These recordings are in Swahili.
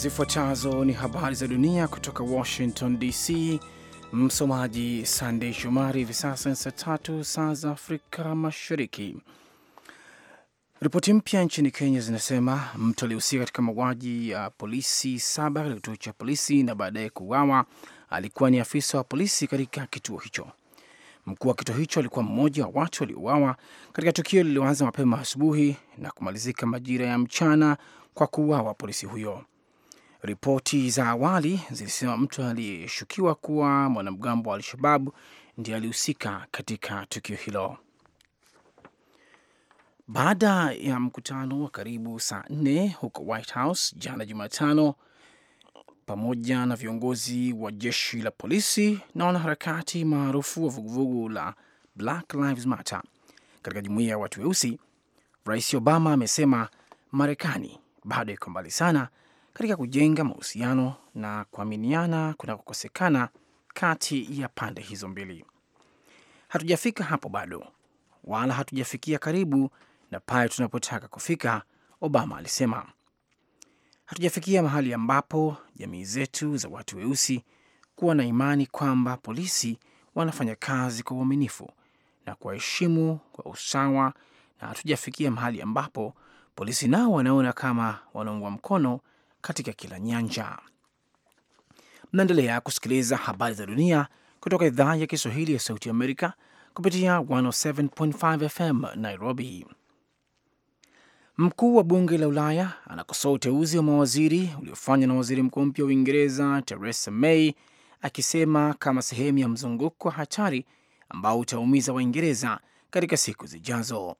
Zifuatazo ni habari za dunia kutoka Washington DC. Msomaji Sandey Shomari. Hivi sasa ni saa tatu saa za Afrika Mashariki. Ripoti mpya nchini Kenya zinasema mtu aliyehusika katika mauaji ya polisi saba katika kituo cha polisi na baadaye kuuawa alikuwa ni afisa wa polisi katika kituo hicho. Mkuu wa kituo hicho alikuwa mmoja wa watu waliouawa katika tukio lililoanza mapema asubuhi na kumalizika majira ya mchana kwa kuuawa polisi huyo. Ripoti za awali zilisema mtu aliyeshukiwa kuwa mwanamgambo wa Al-Shababu ndiye alihusika katika tukio hilo. Baada ya mkutano wa karibu saa nne huko White House jana Jumatano, pamoja na viongozi wa jeshi la polisi na wanaharakati maarufu wa vuguvugu la Black Lives Matter katika jumuiya ya watu weusi, Rais Obama amesema Marekani bado iko mbali sana katika kujenga mahusiano na kuaminiana kunakokosekana kati ya pande hizo mbili. Hatujafika hapo bado, wala hatujafikia karibu na pale tunapotaka kufika, Obama alisema. Hatujafikia mahali ambapo jamii zetu za watu weusi kuwa na imani kwamba polisi wanafanya kazi kwa uaminifu na kuwaheshimu kwa usawa, na hatujafikia mahali ambapo polisi nao wanaona kama wanaungwa mkono katika kila nyanja. Mnaendelea kusikiliza habari za dunia kutoka idhaa ya Kiswahili ya Sauti Amerika kupitia 107.5 FM Nairobi. Mkuu wa bunge la Ulaya anakosoa uteuzi wa mawaziri uliofanywa na waziri mkuu mpya wa Uingereza Theresa May akisema kama sehemu ya mzunguko wa hatari ambao utaumiza Waingereza katika siku zijazo.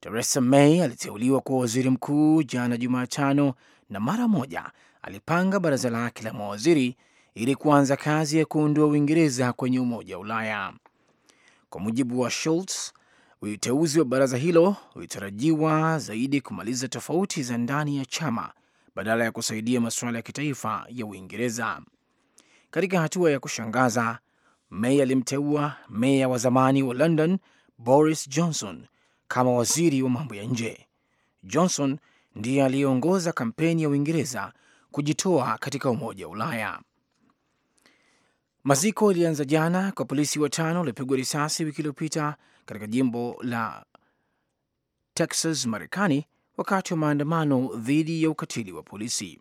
Theresa May aliteuliwa kuwa waziri mkuu jana Jumatano na mara moja alipanga baraza lake la mawaziri ili kuanza kazi ya kuondoa Uingereza kwenye Umoja wa Ulaya. Kwa mujibu wa Schultz, uteuzi wa baraza hilo ulitarajiwa zaidi kumaliza tofauti za ndani ya chama badala ya kusaidia masuala ya kitaifa ya Uingereza. Katika hatua ya kushangaza, May alimteua meya wa zamani wa London Boris Johnson kama waziri wa mambo ya nje. Johnson ndiye aliyeongoza kampeni ya Uingereza kujitoa katika Umoja wa Ulaya. Maziko ilianza jana kwa polisi watano waliopigwa risasi wiki iliyopita katika jimbo la Texas, Marekani, wakati wa maandamano dhidi ya ukatili wa polisi.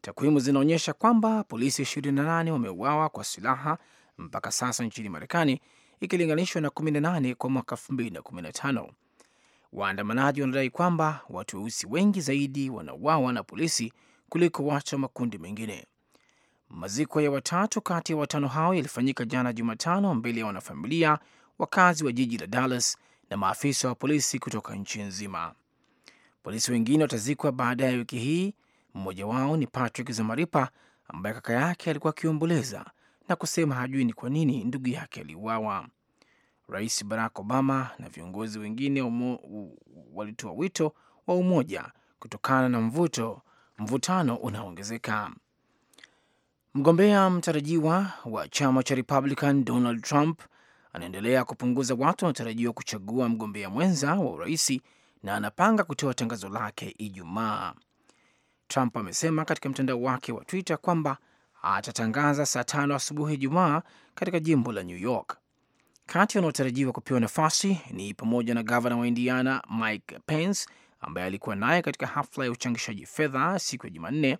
Takwimu zinaonyesha kwamba polisi 28 wameuawa kwa silaha mpaka sasa nchini Marekani, ikilinganishwa na 18 kwa mwaka 2015 Waandamanaji wanadai kwamba watu weusi wengi zaidi wanauawa na polisi kuliko watu wa makundi mengine. Maziko ya watatu kati ya watano hao yalifanyika jana Jumatano mbele ya wanafamilia, wakazi wa jiji la Dallas na maafisa wa polisi kutoka nchi nzima. Polisi wengine watazikwa baadaye wiki hii. Mmoja wao ni Patrick Zamaripa ambaye kaka yake alikuwa akiomboleza na kusema hajui ni kwa nini ndugu yake aliuawa. Rais Barack Obama na viongozi wengine walitoa wito wa umoja kutokana na mvuto mvutano unaoongezeka. Mgombea mtarajiwa wa chama cha Republican Donald Trump anaendelea kupunguza watu wanaotarajiwa kuchagua mgombea mwenza wa uraisi na anapanga kutoa tangazo lake Ijumaa. Trump amesema katika mtandao wake wa Twitter kwamba atatangaza saa tano asubuhi Ijumaa katika jimbo la New York. Kati wanaotarajiwa kupewa nafasi ni pamoja na gavana wa Indiana Mike Pence ambaye alikuwa naye katika hafla ya uchangishaji fedha siku ya Jumanne,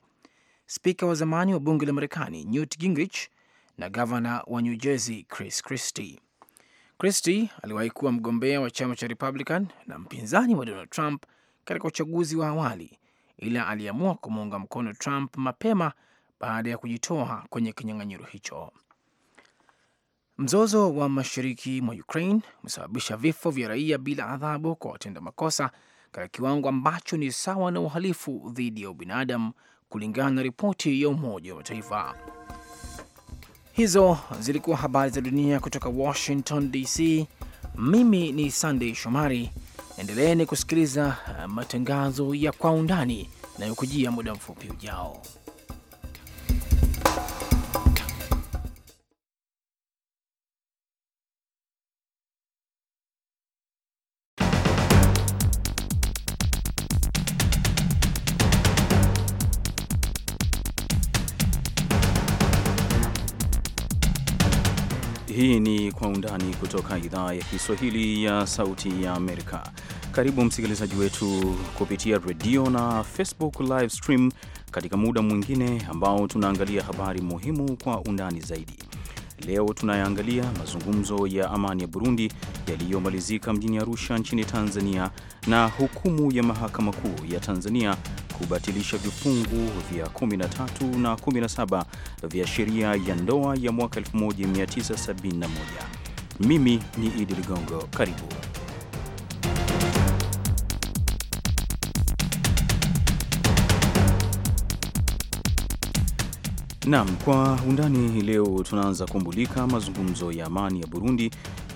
spika wa zamani wa bunge la Marekani Newt Gingrich na gavana wa New Jersey Chris Christie. Christie aliwahi kuwa mgombea wa chama cha Republican na mpinzani wa Donald Trump katika uchaguzi wa awali, ila aliamua kumuunga mkono Trump mapema baada ya kujitoa kwenye kinyang'anyiro hicho. Mzozo wa mashariki mwa Ukraine umesababisha vifo vya raia bila adhabu kwa watenda makosa katika kiwango ambacho ni sawa na uhalifu dhidi ya ubinadamu, kulingana na ripoti ya Umoja wa Mataifa. Hizo zilikuwa habari za dunia kutoka Washington DC. Mimi ni Sandey Shomari. Endeleeni kusikiliza eh, matangazo ya Kwa Undani nayokujia muda mfupi ujao. undani kutoka idhaa ya Kiswahili ya Sauti ya Amerika. Karibu msikilizaji wetu kupitia redio na Facebook live stream katika muda mwingine ambao tunaangalia habari muhimu kwa undani zaidi. Leo tunayaangalia mazungumzo ya amani ya Burundi yaliyomalizika mjini Arusha nchini Tanzania na hukumu ya Mahakama Kuu ya Tanzania kubatilisha vifungu vya 13 na 17 vya sheria ya ndoa ya mwaka 1971. Mimi ni Idi Ligongo, karibu nam kwa undani. Leo tunaanza kumbulika mazungumzo ya amani ya Burundi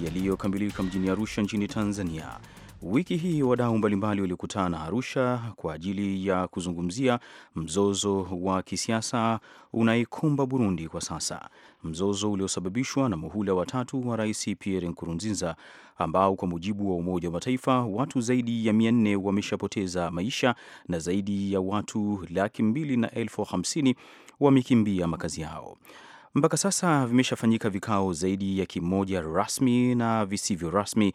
yaliyokamilika mjini Arusha nchini Tanzania Wiki hii wadau mbalimbali walikutana Arusha kwa ajili ya kuzungumzia mzozo wa kisiasa unaikumba Burundi kwa sasa, mzozo uliosababishwa na muhula watatu wa Rais Pierre Nkurunziza, ambao kwa mujibu wa Umoja wa Mataifa watu zaidi ya mia nne wameshapoteza maisha na zaidi ya watu laki mbili na elfu hamsini wamekimbia makazi yao. Mpaka sasa vimeshafanyika vikao zaidi ya kimoja rasmi na visivyo rasmi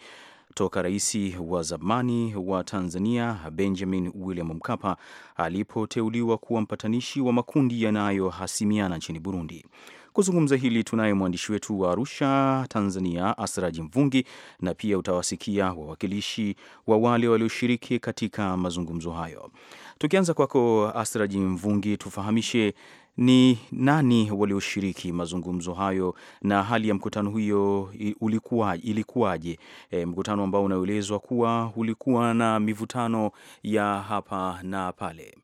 toka rais wa zamani wa Tanzania Benjamin William Mkapa alipoteuliwa kuwa mpatanishi wa makundi yanayohasimiana nchini Burundi. Kuzungumza hili tunaye mwandishi wetu wa Arusha, Tanzania, Asraji Mvungi, na pia utawasikia wawakilishi wa wale walioshiriki katika mazungumzo hayo. Tukianza kwako Asraji Mvungi, tufahamishe ni nani walioshiriki mazungumzo hayo na hali ya mkutano huyo ulikuwa ilikuwaje? E, mkutano ambao unaelezwa kuwa ulikuwa na mivutano ya hapa na pale.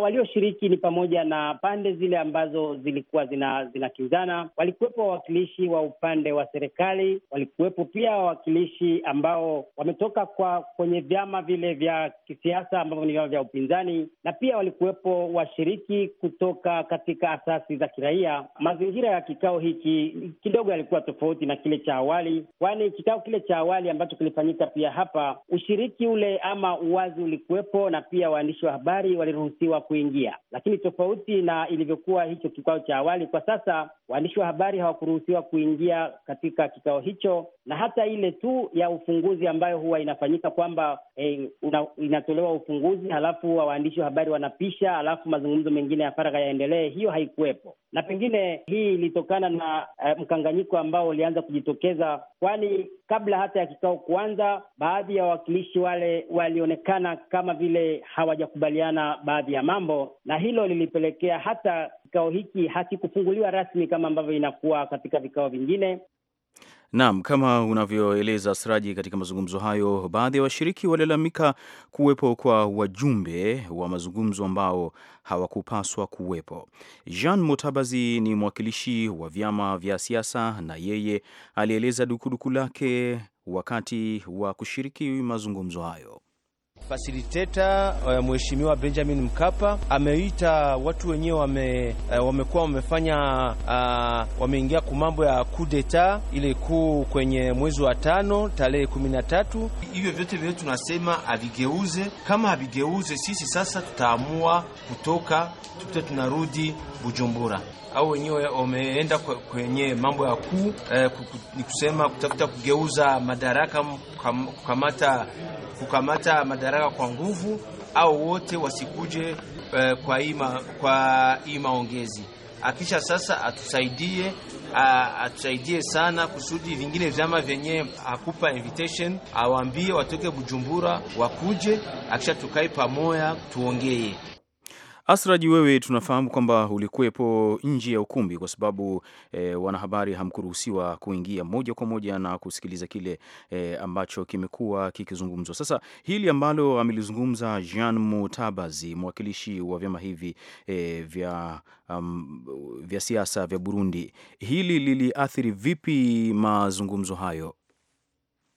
Walioshiriki ni pamoja na pande zile ambazo zilikuwa zinakinzana, zina walikuwepo wawakilishi wa upande wa serikali, walikuwepo pia wawakilishi ambao wametoka kwa kwenye vyama vile vya kisiasa ambavyo ni vyama vya upinzani, na pia walikuwepo washiriki kutoka katika asasi za kiraia. Mazingira ya kikao hiki kidogo yalikuwa tofauti na kile cha awali, kwani kikao kile cha awali ambacho kilifanyika pia hapa, ushiriki ule ama uwazi ulikuwepo, na pia waandishi wa habari waliruhusiwa kuingia, lakini tofauti na ilivyokuwa hicho kikao cha awali, kwa sasa waandishi wa habari hawakuruhusiwa kuingia katika kikao hicho, na hata ile tu ya ufunguzi ambayo huwa inafanyika kwamba eh, una, inatolewa ufunguzi halafu waandishi wa habari wanapisha halafu mazungumzo mengine ya faragha yaendelee, hiyo haikuwepo na pengine hii ilitokana na uh, mkanganyiko ambao ulianza kujitokeza, kwani kabla hata ya kikao kuanza, baadhi ya wawakilishi wale walionekana kama vile hawajakubaliana baadhi ya mambo, na hilo lilipelekea hata kikao hiki hakikufunguliwa rasmi kama ambavyo inakuwa katika vikao vingine, Naam, kama unavyoeleza Siraji, katika mazungumzo hayo baadhi ya washiriki walilalamika kuwepo kwa wajumbe wa mazungumzo ambao hawakupaswa kuwepo. Jean Mutabazi ni mwakilishi wa vyama vya siasa na yeye alieleza dukuduku lake wakati wa kushiriki mazungumzo hayo. Fasiliteta eh, Mheshimiwa Benjamin Mkapa ameita watu wenyewe wame, eh, wamekuwa wamefanya uh, wameingia kumambo ya kudeta ile kuu kwenye mwezi wa tano tarehe kumi na tatu. Hivyo vyote vile tunasema avigeuze, kama avigeuze, sisi sasa tutaamua kutoka, tuta tunarudi Bujumbura au wenyewe wameenda kwenye mambo ya kuu eh, ni kusema kutafuta kugeuza madaraka, kukamata, kukamata madaraka kwa nguvu, au wote wasikuje eh, kwa ima, kwa hii maongezi akisha sasa atusaidie a, atusaidie sana kusudi vingine vyama vyenye akupa invitation awambie watoke Bujumbura wakuje, akisha tukae pamoya tuongee. Asraji, wewe tunafahamu kwamba ulikuwepo nje ya ukumbi kwa sababu e, wanahabari hamkuruhusiwa kuingia moja kwa moja na kusikiliza kile e, ambacho kimekuwa kikizungumzwa. Sasa hili ambalo amelizungumza Jean Mutabazi, mwakilishi wa vyama hivi e, vya, um, vya siasa vya Burundi, hili liliathiri vipi mazungumzo hayo?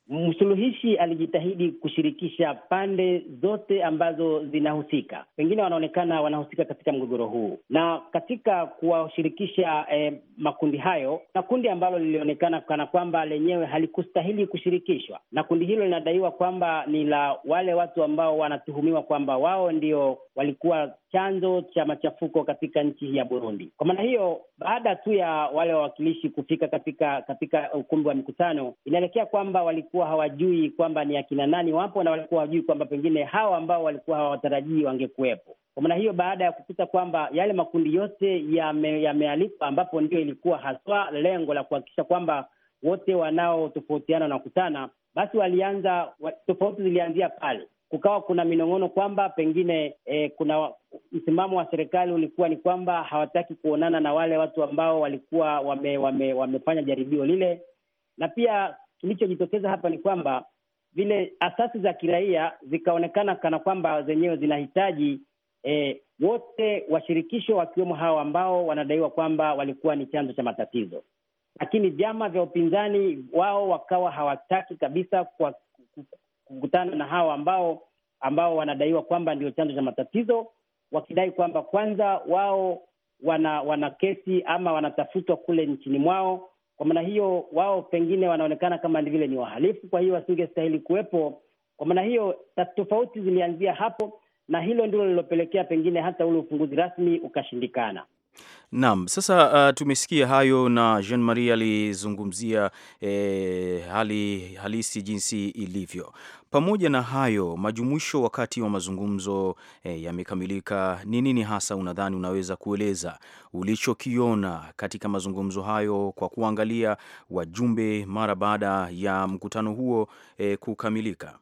msuluhishi alijitahidi kushirikisha pande zote ambazo zinahusika, pengine wanaonekana wanahusika katika mgogoro huu, na katika kuwashirikisha eh, makundi hayo, na kundi ambalo lilionekana kana kwamba lenyewe halikustahili kushirikishwa, na kundi hilo linadaiwa kwamba ni la wale watu ambao wanatuhumiwa kwamba wao ndio walikuwa chanzo cha machafuko katika nchi hii ya Burundi. Kwa maana hiyo, baada tu ya wale wawakilishi kufika katika katika ukumbi wa mikutano, inaelekea kwamba walikuwa hawajui kwamba ni akina nani wapo, na walikuwa hawajui kwamba pengine hawa ambao walikuwa hawatarajii wangekuwepo. Kwa maana hiyo, baada ya kukuta kwamba yale makundi yote yamealikwa, ya ambapo ndio ilikuwa haswa lengo la kuhakikisha kwamba wote wanaotofautiana wanakutana, basi walianza wa, tofauti zilianzia pale kukawa kuna minong'ono kwamba pengine eh, kuna msimamo wa serikali ulikuwa ni kwamba hawataki kuonana na wale watu ambao walikuwa wame, wame, wamefanya jaribio lile, na pia kilichojitokeza hapa ni kwamba vile asasi za kiraia zikaonekana kana kwamba zenyewe zinahitaji eh, wote washirikisho wakiwemo hao ambao wanadaiwa kwamba walikuwa ni chanzo cha matatizo, lakini vyama vya upinzani wao wakawa hawataki kabisa kwa kukutana na hawa ambao ambao wanadaiwa kwamba ndio chanzo cha matatizo, wakidai kwamba kwanza wao wana wana kesi ama wanatafutwa kule nchini mwao. Kwa maana hiyo, wao pengine wanaonekana kama vile ni wahalifu, kwa hiyo wasingestahili kuwepo. Kwa maana hiyo, tofauti zilianzia hapo, na hilo ndilo lilopelekea pengine hata ule ufunguzi rasmi ukashindikana. Naam, sasa uh, tumesikia hayo na Jean Marie alizungumzia eh, hali halisi jinsi ilivyo. Pamoja na hayo, majumuisho wakati wa mazungumzo eh, yamekamilika. Ni nini hasa unadhani unaweza kueleza ulichokiona katika mazungumzo hayo kwa kuangalia wajumbe mara baada ya mkutano huo eh, kukamilika?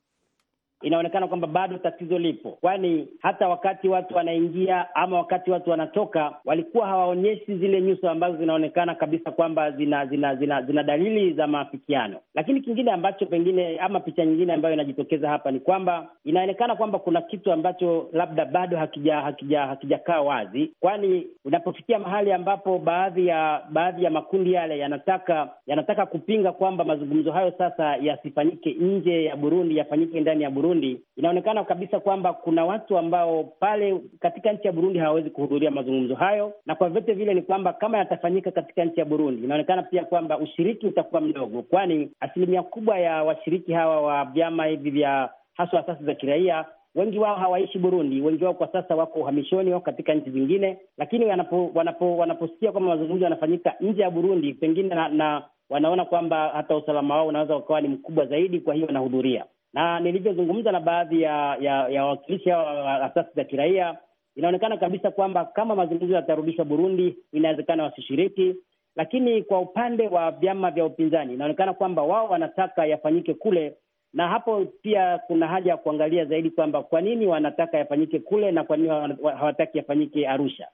inaonekana kwamba bado tatizo lipo, kwani hata wakati watu wanaingia ama wakati watu wanatoka walikuwa hawaonyeshi zile nyuso ambazo zinaonekana kabisa kwamba zina zina zina, zina dalili za maafikiano. Lakini kingine ambacho pengine ama picha nyingine ambayo inajitokeza hapa ni kwamba inaonekana kwamba kuna kitu ambacho labda bado hakija hakija hakijakaa wazi, kwani unapofikia mahali ambapo baadhi ya baadhi ya makundi yale yanataka yanataka kupinga kwamba mazungumzo hayo sasa yasifanyike nje ya Burundi, yafanyike ndani ya Burundi Burundi, inaonekana kabisa kwamba kuna watu ambao pale katika nchi ya Burundi hawawezi kuhudhuria mazungumzo hayo, na kwa vyote vile ni kwamba kama yatafanyika katika nchi ya Burundi, inaonekana pia kwamba ushiriki utakuwa mdogo, kwani asilimia kubwa ya washiriki hawa wa vyama hivi vya haswa asasi za kiraia wengi wao hawaishi Burundi. Wengi wao kwa sasa wako uhamishoni, wako katika nchi zingine, lakini wanapo, wanapo, wanaposikia kwamba mazungumzo yanafanyika nje ya Burundi pengine na, na wanaona kwamba hata usalama wao unaweza ukawa ni mkubwa zaidi, kwa hiyo wanahudhuria na nilivyozungumza na baadhi ya wawakilishi hawa wa asasi za kiraia, inaonekana kabisa kwamba kama mazungumzo yatarudishwa Burundi, inawezekana wasishiriki. Lakini kwa upande wa vyama vya upinzani, inaonekana kwamba wao wanataka yafanyike kule, na hapo pia kuna haja ya kuangalia zaidi kwamba kwa nini wanataka yafanyike kule na kwa nini hawataki yafanyike Arusha.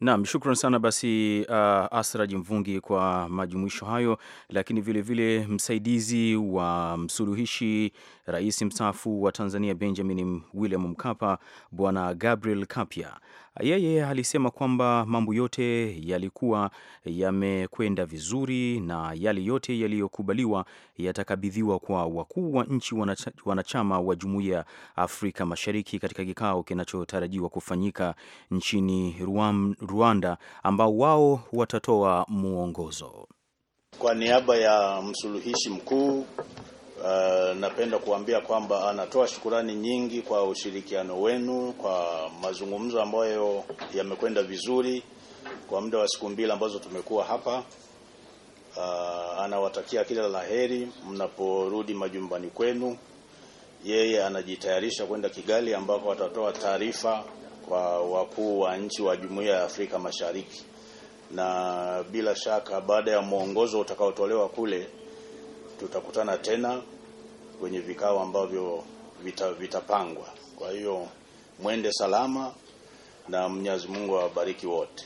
Naam, shukran sana basi uh, Asra Jimvungi kwa majumuisho hayo, lakini vilevile vile msaidizi wa msuluhishi rais mstaafu wa Tanzania Benjamin William Mkapa, Bwana Gabriel Kapia yeye alisema kwamba mambo yote yalikuwa yamekwenda vizuri na yale yote yaliyokubaliwa yatakabidhiwa kwa wakuu wa nchi wanachama wa Jumuiya ya Afrika Mashariki katika kikao kinachotarajiwa kufanyika nchini Rwanda, ambao wao watatoa mwongozo. Kwa niaba ya msuluhishi mkuu Eh, napenda kuambia kwamba anatoa shukurani nyingi kwa ushirikiano wenu, kwa mazungumzo ambayo yamekwenda vizuri kwa muda wa siku mbili ambazo tumekuwa hapa. Uh, anawatakia kila la heri mnaporudi majumbani kwenu. Yeye anajitayarisha kwenda Kigali ambako atatoa taarifa kwa wakuu wa nchi wa Jumuiya ya Afrika Mashariki, na bila shaka baada ya mwongozo utakaotolewa kule tutakutana tena kwenye vikao ambavyo vita, vitapangwa. Kwa hiyo mwende salama na Mwenyezi Mungu awabariki wote.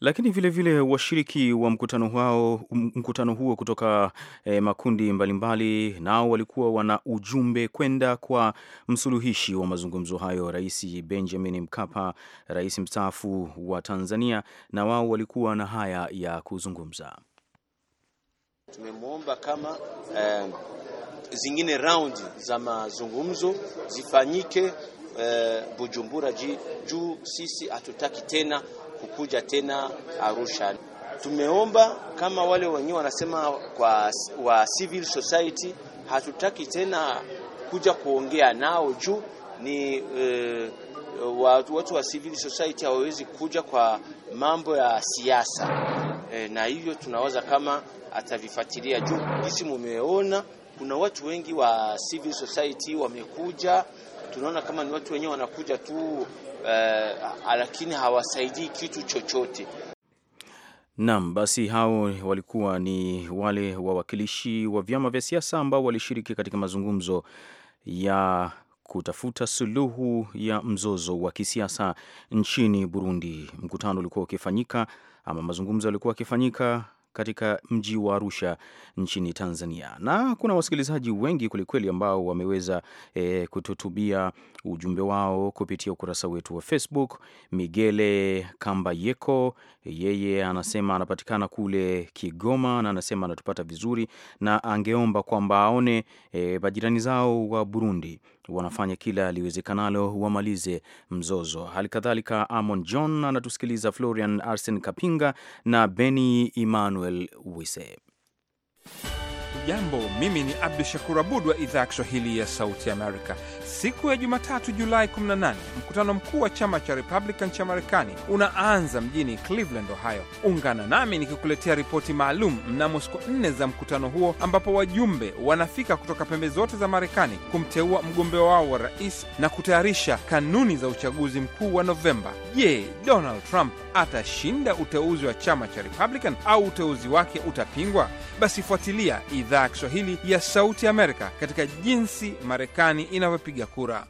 Lakini vilevile washiriki wa mkutano huo, mkutano huo kutoka eh, makundi mbalimbali nao walikuwa wana ujumbe kwenda kwa msuluhishi wa mazungumzo hayo, Rais Benjamin Mkapa, rais mstaafu wa Tanzania, na wao walikuwa na haya ya kuzungumza. Tumemwomba kama eh, zingine round za mazungumzo zifanyike e, Bujumbura juu sisi hatutaki tena kukuja tena Arusha. Tumeomba kama wale wenyewe wanasema kwa wa civil society, hatutaki tena kuja kuongea nao juu ni e, eh, watu, watu wa civil society hawawezi kuja kwa mambo ya siasa e, na hivyo tunawaza kama atavifuatilia juu, sisi mumeona kuna watu wengi wa civil society wamekuja, tunaona kama ni watu wenyewe wanakuja tu eh, lakini hawasaidii kitu chochote. Naam, basi hao walikuwa ni wale wawakilishi wa vyama vya siasa ambao walishiriki katika mazungumzo ya kutafuta suluhu ya mzozo wa kisiasa nchini Burundi. Mkutano ulikuwa ukifanyika ama mazungumzo yalikuwa yakifanyika katika mji wa Arusha nchini Tanzania. Na kuna wasikilizaji wengi kwelikweli ambao wameweza e, kututubia ujumbe wao kupitia ukurasa wetu wa Facebook. Migele Kambayeko yeye anasema anapatikana kule Kigoma na anasema anatupata vizuri na angeomba kwamba aone e, majirani zao wa Burundi wanafanya kila aliwezekanalo wamalize mzozo. Hali kadhalika Amon John anatusikiliza, Florian Arsen Kapinga na Beni Emmanuel Wise. Hujambo, mimi ni Abdu Shakur Abud wa idhaa ya Kiswahili ya Sauti Amerika. Siku ya Jumatatu, Julai 18, mkutano mkuu wa chama cha Republican cha Marekani unaanza mjini Cleveland, Ohio. Ungana nami nikikuletea ripoti maalum mnamo siku nne za mkutano huo, ambapo wajumbe wanafika kutoka pembe zote za Marekani kumteua mgombea wao wa rais na kutayarisha kanuni za uchaguzi mkuu wa Novemba. Je, Donald Trump atashinda uteuzi wa chama cha Republican au uteuzi wake utapingwa? Basi fuatilia idhaa idhaa ya Kiswahili ya Sauti Amerika katika jinsi Marekani inavyopiga kura.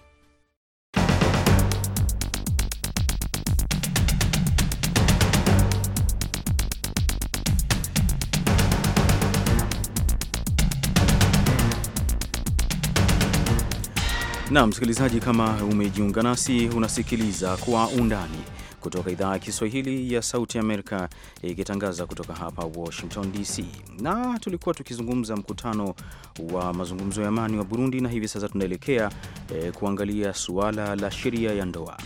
Na msikilizaji, kama umejiunga nasi, unasikiliza Kwa Undani kutoka idhaa ya Kiswahili ya Sauti Amerika ikitangaza kutoka hapa Washington DC. Na tulikuwa tukizungumza mkutano wa mazungumzo ya amani wa Burundi, na hivi sasa tunaelekea e, kuangalia suala la sheria ya ndoa.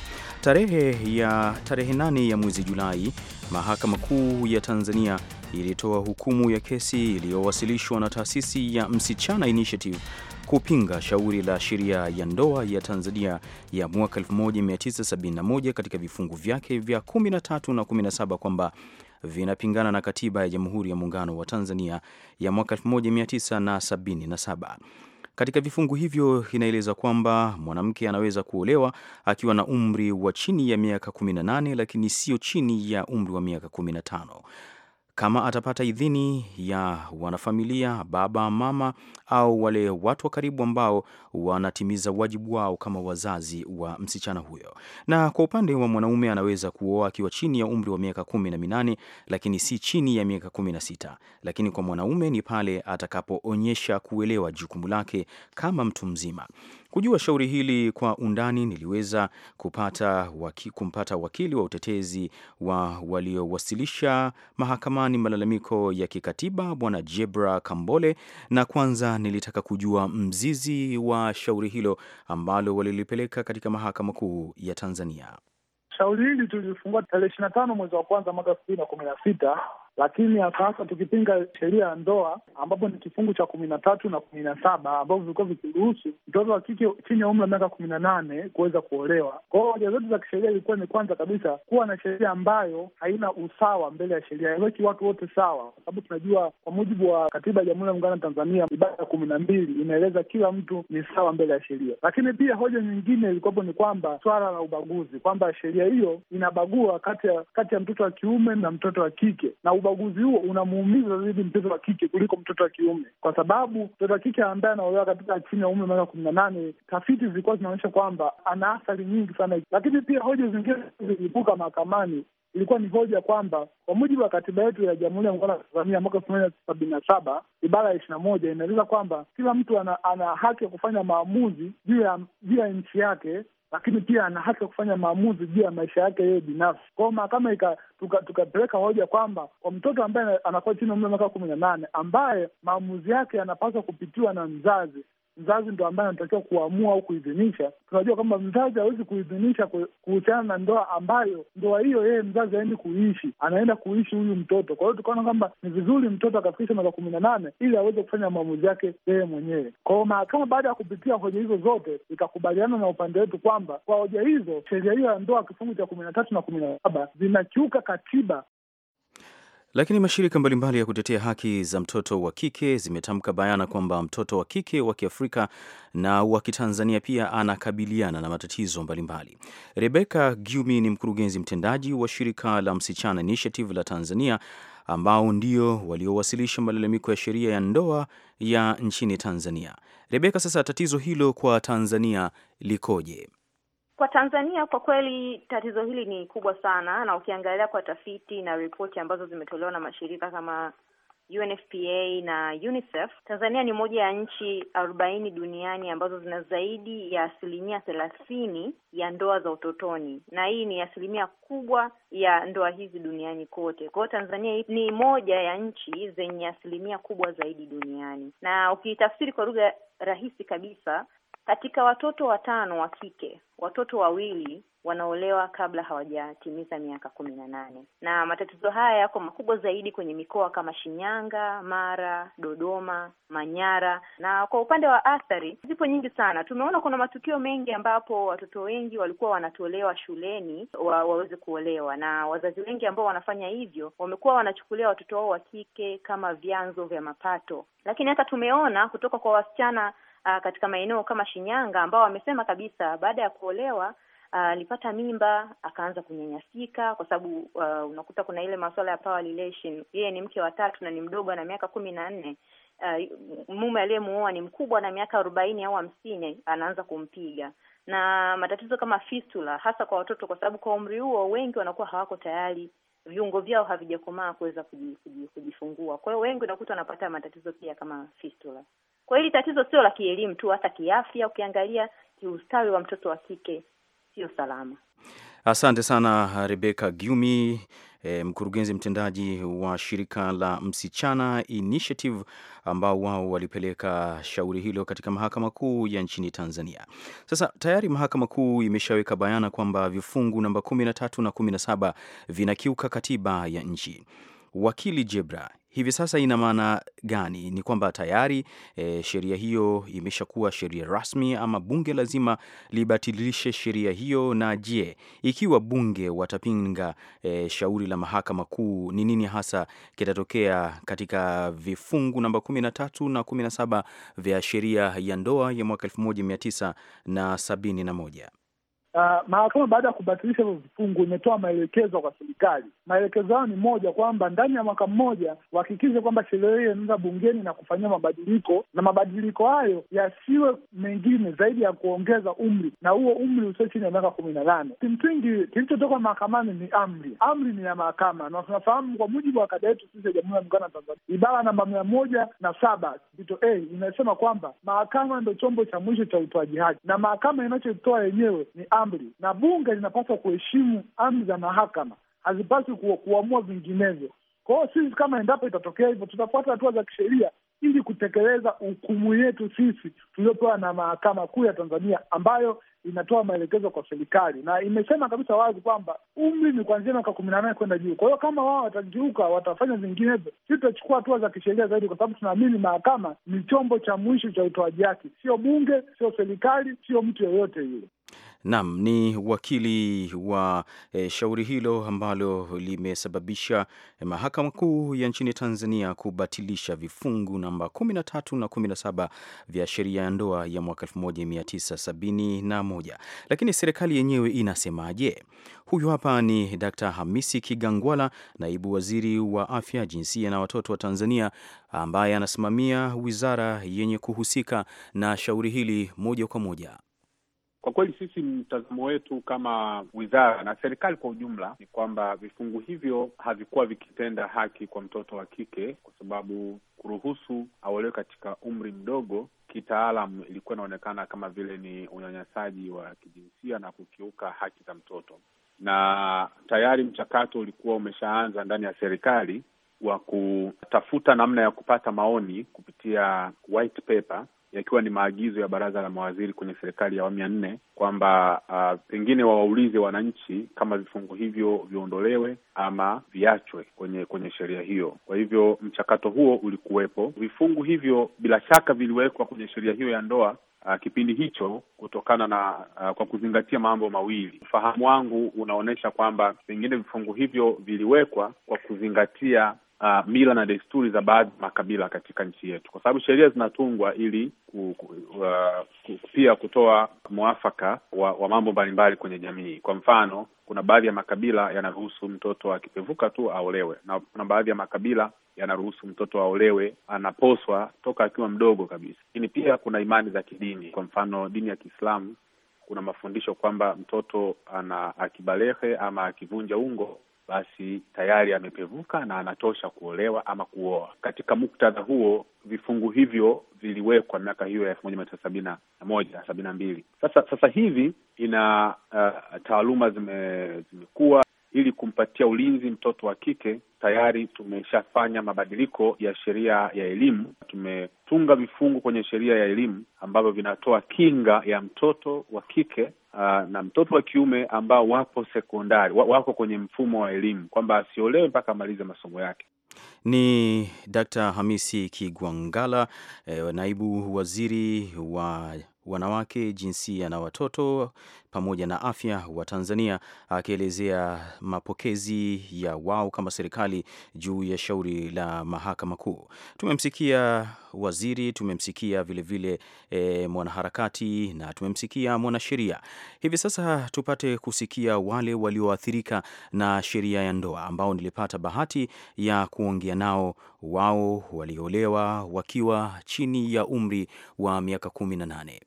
Tarehe ya tarehe nane ya mwezi Julai, mahakama kuu ya Tanzania ilitoa hukumu ya kesi iliyowasilishwa na taasisi ya Msichana Initiative kupinga shauri la sheria ya ndoa ya Tanzania ya mwaka 1971 katika vifungu vyake vya 13 na 17 kwamba vinapingana na katiba ya Jamhuri ya Muungano wa Tanzania ya mwaka 1977. Katika vifungu hivyo inaeleza kwamba mwanamke anaweza kuolewa akiwa na umri wa chini ya miaka 18 lakini sio chini ya umri wa miaka 15 kama atapata idhini ya wanafamilia, baba, mama au wale watu wa karibu ambao wanatimiza wajibu wao kama wazazi wa msichana huyo. Na kwa upande wa mwanaume, anaweza kuoa akiwa chini ya umri wa miaka kumi na minane, lakini si chini ya miaka kumi na sita. Lakini kwa mwanaume ni pale atakapoonyesha kuelewa jukumu lake kama mtu mzima. Kujua shauri hili kwa undani, niliweza kupata waki, kumpata wakili wa utetezi wa waliowasilisha mahakamani malalamiko ya kikatiba Bwana Jebra Kambole, na kwanza nilitaka kujua mzizi wa shauri hilo ambalo walilipeleka katika Mahakama Kuu ya Tanzania. Shauri hili tulifungua tarehe ishirini na tano mwezi wa kwanza mwaka elfu mbili na kumi na sita lakini sasa tukipinga sheria ya ndoa ambapo ni kifungu cha kumi na tatu na kumi na saba ambavyo vilikuwa vikiruhusu mtoto wa kike chini ya umri wa miaka kumi na nane kuweza kuolewa. Kwa hiyo hoja zetu za kisheria ilikuwa ni kwanza kabisa kuwa na sheria ambayo haina usawa mbele ya sheria, haiweki watu wote sawa, kwa sababu tunajua kwa mujibu wa katiba ya Jamhuri ya Muungano wa Tanzania ibara ya kumi na mbili inaeleza kila mtu ni sawa mbele ya sheria. Lakini pia hoja nyingine ilikuwapo ni kwamba swala la ubaguzi, kwamba sheria hiyo inabagua kati ya kati ya mtoto wa kiume na mtoto wa kike na ubaguzi huo unamuumiza zaidi mtoto wa kike kuliko mtoto wa kiume, kwa sababu mtoto wa kike ambaye anaolewa katika chini ya umri wa miaka kumi na nane, tafiti zilikuwa zinaonyesha kwamba ana athari nyingi sana. Lakini pia hoja zingine zilipuka mahakamani ilikuwa ni hoja kwamba kwa mujibu wa katiba yetu ya Jamhuri ya Muungano wa Tanzania mwaka elfu moja sabini na saba ibara ya ishirini na moja inaeleza kwamba kila mtu ana, ana haki ya kufanya maamuzi juu ya nchi yake lakini pia ana haki ya kufanya maamuzi juu ya maisha yake yeye binafsi. Kwao mahakama tukapeleka tuka hoja kwamba kwa mtoto ambaye anakuwa chini ya umri wa miaka kumi na nane ambaye maamuzi yake yanapaswa kupitiwa na mzazi, mzazi ndo ambaye anatakiwa kuamua au kuidhinisha. Tunajua kwamba mzazi hawezi kuidhinisha kuhusiana na ndoa ambayo ndoa hiyo yeye mzazi aendi kuishi, anaenda kuishi huyu mtoto. Kwa hiyo tukaona kwamba ni vizuri mtoto akafikisha miaka kumi na nane ili aweze kufanya maamuzi yake yeye mwenyewe. Kwa hiyo mahakama baada ya kupitia hoja hizo zote ikakubaliana na upande wetu kwamba kwa hoja hizo sheria hiyo ya ndoa kifungu cha kumi na tatu na kumi na saba zinakiuka katiba lakini mashirika mbalimbali ya kutetea haki za mtoto wa kike zimetamka bayana kwamba mtoto wa kike wa Kiafrika na wa Kitanzania pia anakabiliana na matatizo mbalimbali. Rebeka Gyumi ni mkurugenzi mtendaji wa shirika la Msichana Initiative la Tanzania ambao ndio waliowasilisha malalamiko ya sheria ya ndoa ya nchini Tanzania. Rebeka, sasa tatizo hilo kwa Tanzania likoje? Kwa Tanzania kwa kweli tatizo hili ni kubwa sana, na ukiangalia kwa tafiti na ripoti ambazo zimetolewa na mashirika kama UNFPA na UNICEF, Tanzania ni moja ya nchi arobaini duniani ambazo zina zaidi ya asilimia thelathini ya ndoa za utotoni, na hii ni asilimia kubwa ya ndoa hizi duniani kote. Kwa hiyo Tanzania ni moja ya nchi zenye asilimia kubwa zaidi duniani, na ukitafsiri kwa lugha rahisi kabisa katika watoto watano wa kike, watoto wawili wanaolewa kabla hawajatimiza miaka kumi na nane, na matatizo haya yako makubwa zaidi kwenye mikoa kama Shinyanga, Mara, Dodoma, Manyara. Na kwa upande wa athari zipo nyingi sana. Tumeona kuna matukio mengi ambapo watoto wengi walikuwa wanatolewa shuleni wa, waweze kuolewa, na wazazi wengi ambao wanafanya hivyo wamekuwa wanachukulia watoto wao wa kike kama vyanzo vya mapato, lakini hata tumeona kutoka kwa wasichana uh, katika maeneo kama Shinyanga ambao wamesema kabisa baada ya kuolewa uh, alipata uh, mimba akaanza kunyanyasika kwa sababu uh, unakuta kuna ile masuala ya power relation. Yeye ni mke wa tatu na ni mdogo, na miaka kumi na nne. Uh, mume aliyemuoa ni mkubwa na miaka arobaini au hamsini, anaanza kumpiga na matatizo kama fistula, hasa kwa watoto, kwa sababu kwa umri huo wengi wanakuwa hawako tayari, viungo vyao havijakomaa kuweza kujifungua. Kwa hiyo wengi unakuta wanapata matatizo pia kama fistula. Kwa hili tatizo sio la kielimu tu, hata kiafya, ukiangalia kiustawi wa mtoto wa kike sio salama. Asante sana Rebecca Gyumi, e, mkurugenzi mtendaji wa shirika la Msichana Initiative ambao wao walipeleka shauri hilo katika mahakama kuu ya nchini Tanzania. Sasa tayari mahakama kuu imeshaweka bayana kwamba vifungu namba 13 na 17 vinakiuka katiba ya nchi. Wakili Jebra, hivi sasa ina maana gani? Ni kwamba tayari e, sheria hiyo imeshakuwa sheria rasmi ama bunge lazima libatilishe sheria hiyo? Na je, ikiwa bunge watapinga e, shauri la mahakama kuu, ni nini hasa kitatokea katika vifungu namba 13 na 17 vya sheria ya ndoa ya mwaka 1971? Uh, mahakama baada ya kubatilisha hivyo vifungu imetoa maelekezo kwa serikali. Maelekezo hayo ni moja, kwamba ndani ya mwaka mmoja wahakikishe kwamba sheria hiyo inaenda bungeni na kufanyia mabadiliko, na mabadiliko hayo yasiwe mengine zaidi ya kuongeza umri, na huo umri usio chini ya miaka kumi na nane. Kimsingi kilichotoka mahakamani ni amri, amri ni ya mahakama, na tunafahamu kwa mujibu wa kada yetu sisi ya Jamhuri ya Muungano wa Tanzania, ibara namba mia moja na saba kipito a inasema kwamba mahakama ndo chombo cha mwisho cha utoaji haki, na mahakama inachotoa yenyewe ni amri, na bunge linapaswa kuheshimu amri za mahakama, hazipaswi ku, kuamua vinginevyo. Kwa hiyo sisi kama endapo itatokea hivyo, tutafuata hatua za kisheria ili kutekeleza hukumu yetu sisi tuliopewa na mahakama kuu ya Tanzania ambayo inatoa maelekezo kwa serikali na imesema kabisa wazi kwamba umri ni kuanzia miaka kumi na nane kwenda juu. Kwa hiyo kama wao watajiuka, watafanya vinginevyo, si tutachukua hatua za kisheria zaidi, kwa sababu tunaamini mahakama ni chombo cha mwisho cha utoaji haki, sio bunge, sio serikali, sio mtu yoyote yule. Naam, ni wakili wa e, shauri hilo ambalo limesababisha eh, mahakama kuu ya nchini Tanzania kubatilisha vifungu namba 13 na 17 vya sheria ya ndoa ya mwaka 1971. Lakini serikali yenyewe inasemaje? Huyu hapa ni Dr. Hamisi Kigangwala, naibu waziri wa afya, jinsia na watoto wa Tanzania, ambaye anasimamia wizara yenye kuhusika na shauri hili moja kwa moja. Kwa kweli sisi mtazamo wetu kama wizara na serikali kwa ujumla ni kwamba vifungu hivyo havikuwa vikitenda haki kwa mtoto wa kike, kwa sababu kuruhusu aolewe katika umri mdogo kitaalam ilikuwa inaonekana kama vile ni unyanyasaji wa kijinsia na kukiuka haki za mtoto, na tayari mchakato ulikuwa umeshaanza ndani ya serikali wa kutafuta namna ya kupata maoni kupitia white paper yakiwa ni maagizo ya baraza la mawaziri kwenye serikali ya awamu ya nne kwamba uh, pengine wawaulize wananchi kama vifungu hivyo viondolewe ama viachwe kwenye kwenye sheria hiyo. Kwa hivyo mchakato huo ulikuwepo. Vifungu hivyo bila shaka viliwekwa kwenye sheria hiyo ya ndoa Uh, kipindi hicho kutokana na uh, kwa kuzingatia mambo mawili. Ufahamu wangu unaonyesha kwamba pengine vifungu hivyo viliwekwa kwa kuzingatia uh, mila na desturi za baadhi ya makabila katika nchi yetu, kwa sababu sheria zinatungwa ili ku, ku, uh, pia kutoa mwafaka wa, wa mambo mbalimbali kwenye jamii. Kwa mfano, kuna baadhi ya makabila yanaruhusu mtoto akipevuka tu aolewe, na kuna baadhi ya makabila yanaruhusu mtoto aolewe, anaposwa toka akiwa mdogo kabisa. Lakini pia kuna imani za kidini, kwa mfano dini ya Kiislamu kuna mafundisho kwamba mtoto ana akibalehe ama akivunja ungo basi tayari amepevuka na anatosha kuolewa ama kuoa. Katika muktadha huo, vifungu hivyo viliwekwa miaka hiyo ya elfu moja mia tisa sabini na moja sabini na mbili. Sasa sasa hivi ina uh, taaluma zime, zimekuwa ili kumpatia ulinzi mtoto wa kike. Tayari tumeshafanya mabadiliko ya sheria ya elimu, tumetunga vifungu kwenye sheria ya elimu ambavyo vinatoa kinga ya mtoto wa kike uh, na mtoto wa kiume ambao wapo sekondari, wako kwenye mfumo wa elimu, kwamba asiolewe mpaka amalize masomo yake. Ni Dr. Hamisi Kigwangala, eh, naibu waziri wa wanawake, jinsia na watoto pamoja na afya wa Tanzania, akielezea mapokezi ya wao kama serikali juu ya shauri la mahakama kuu. Tumemsikia waziri, tumemsikia vilevile vile, e, mwanaharakati na tumemsikia mwanasheria. Hivi sasa tupate kusikia wale walioathirika na sheria ya ndoa ambao nilipata bahati ya kuongea nao. Wao waliolewa wakiwa chini ya umri wa miaka kumi na nane.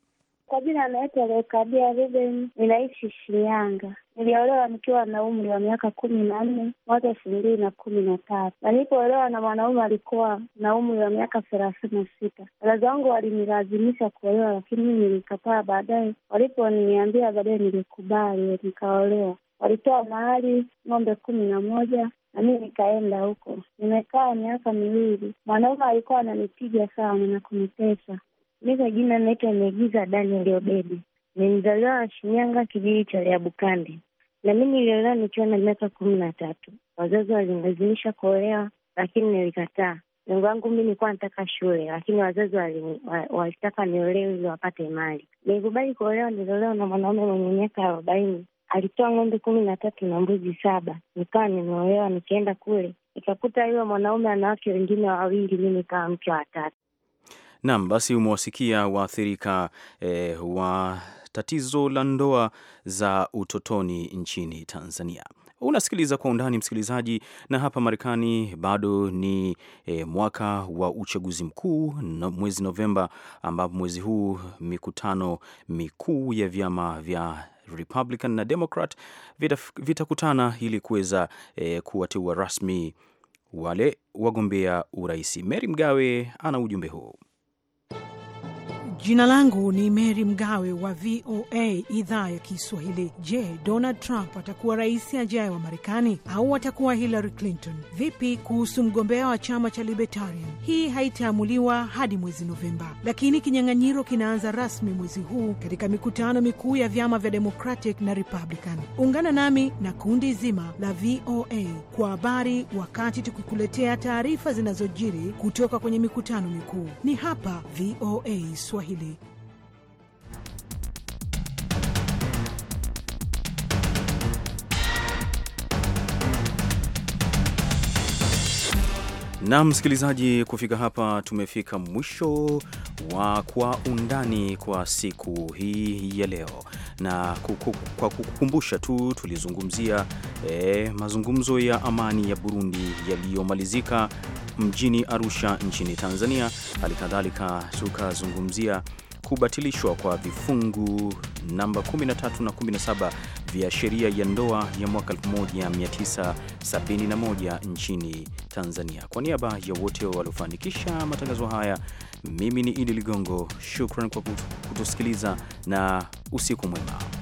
Kwa jina anaitwa Leukadia Ruben, ninaishi Shinyanga. Niliolewa nikiwa na umri wa miaka kumi na nne mwaka elfu mbili na kumi na tatu. na Nilipoolewa na mwanaume alikuwa na umri wa miaka thelathini na sita. Wazazi wangu walinilazimisha kuolewa, lakini mimi nilikataa. Baadaye waliponiambia, baadaye nilikubali, nikaolewa. Walitoa mahari ng'ombe kumi na moja na mii nikaenda huko, nimekaa miaka miwili. Mwanaume alikuwa ananipiga sana na kunitesa, Mi kwa jina naitwa Megiza Daniel Obedi, ni mzaliwa wa Shinyanga, kijiji cha Liabukande, na mi niliolewa nikiwa na miaka kumi na tatu. Wazazi walinilazimisha kuolewa, lakini nilikataa. Lengo langu mi nilikuwa nataka shule, lakini wazazi walitaka niolewe ili wapate mali. Nilikubali kuolewa, niliolewa na mwanaume mwenye miaka arobaini. Alitoa ng'ombe kumi na tatu na mbuzi saba. Nikawa nimeolewa, nikaenda kule nikakuta yule mwanaume ana wake wengine wawili, mi nikawa mke wa tatu. Naam, basi umewasikia waathirika e, wa tatizo la ndoa za utotoni nchini Tanzania. Unasikiliza kwa undani msikilizaji, na hapa Marekani bado ni e, mwaka wa uchaguzi mkuu no, mwezi Novemba, ambapo mwezi huu mikutano mikuu ya vyama vya Republican na Democrat vitakutana vita ili kuweza e, kuwateua rasmi wale wagombea uraisi. Mary Mgawe ana ujumbe huu. Jina langu ni Mary Mgawe wa VOA idhaa ya Kiswahili. Je, Donald Trump atakuwa rais ajaye wa Marekani au atakuwa Hillary Clinton? Vipi kuhusu mgombea wa chama cha Libertarian? Hii haitaamuliwa hadi mwezi Novemba, lakini kinyang'anyiro kinaanza rasmi mwezi huu katika mikutano mikuu ya vyama vya Democratic na Republican. Ungana nami na kundi zima la VOA kwa habari, wakati tukikuletea taarifa zinazojiri kutoka kwenye mikutano mikuu. Ni hapa VOA Swahili. Really. Na msikilizaji, kufika hapa tumefika mwisho wa Kwa Undani kwa siku hii ya leo, na kuku, kwa kukukumbusha tu tulizungumzia e, mazungumzo ya amani ya Burundi yaliyomalizika mjini Arusha nchini Tanzania. Hali kadhalika tukazungumzia kubatilishwa kwa vifungu namba 13 na 17 vya sheria ya ndoa ya mwaka 1971 nchini Tanzania. Kwa niaba ya wote waliofanikisha matangazo haya, mimi ni Idi Ligongo. Shukran kwa kutusikiliza na usiku mwema.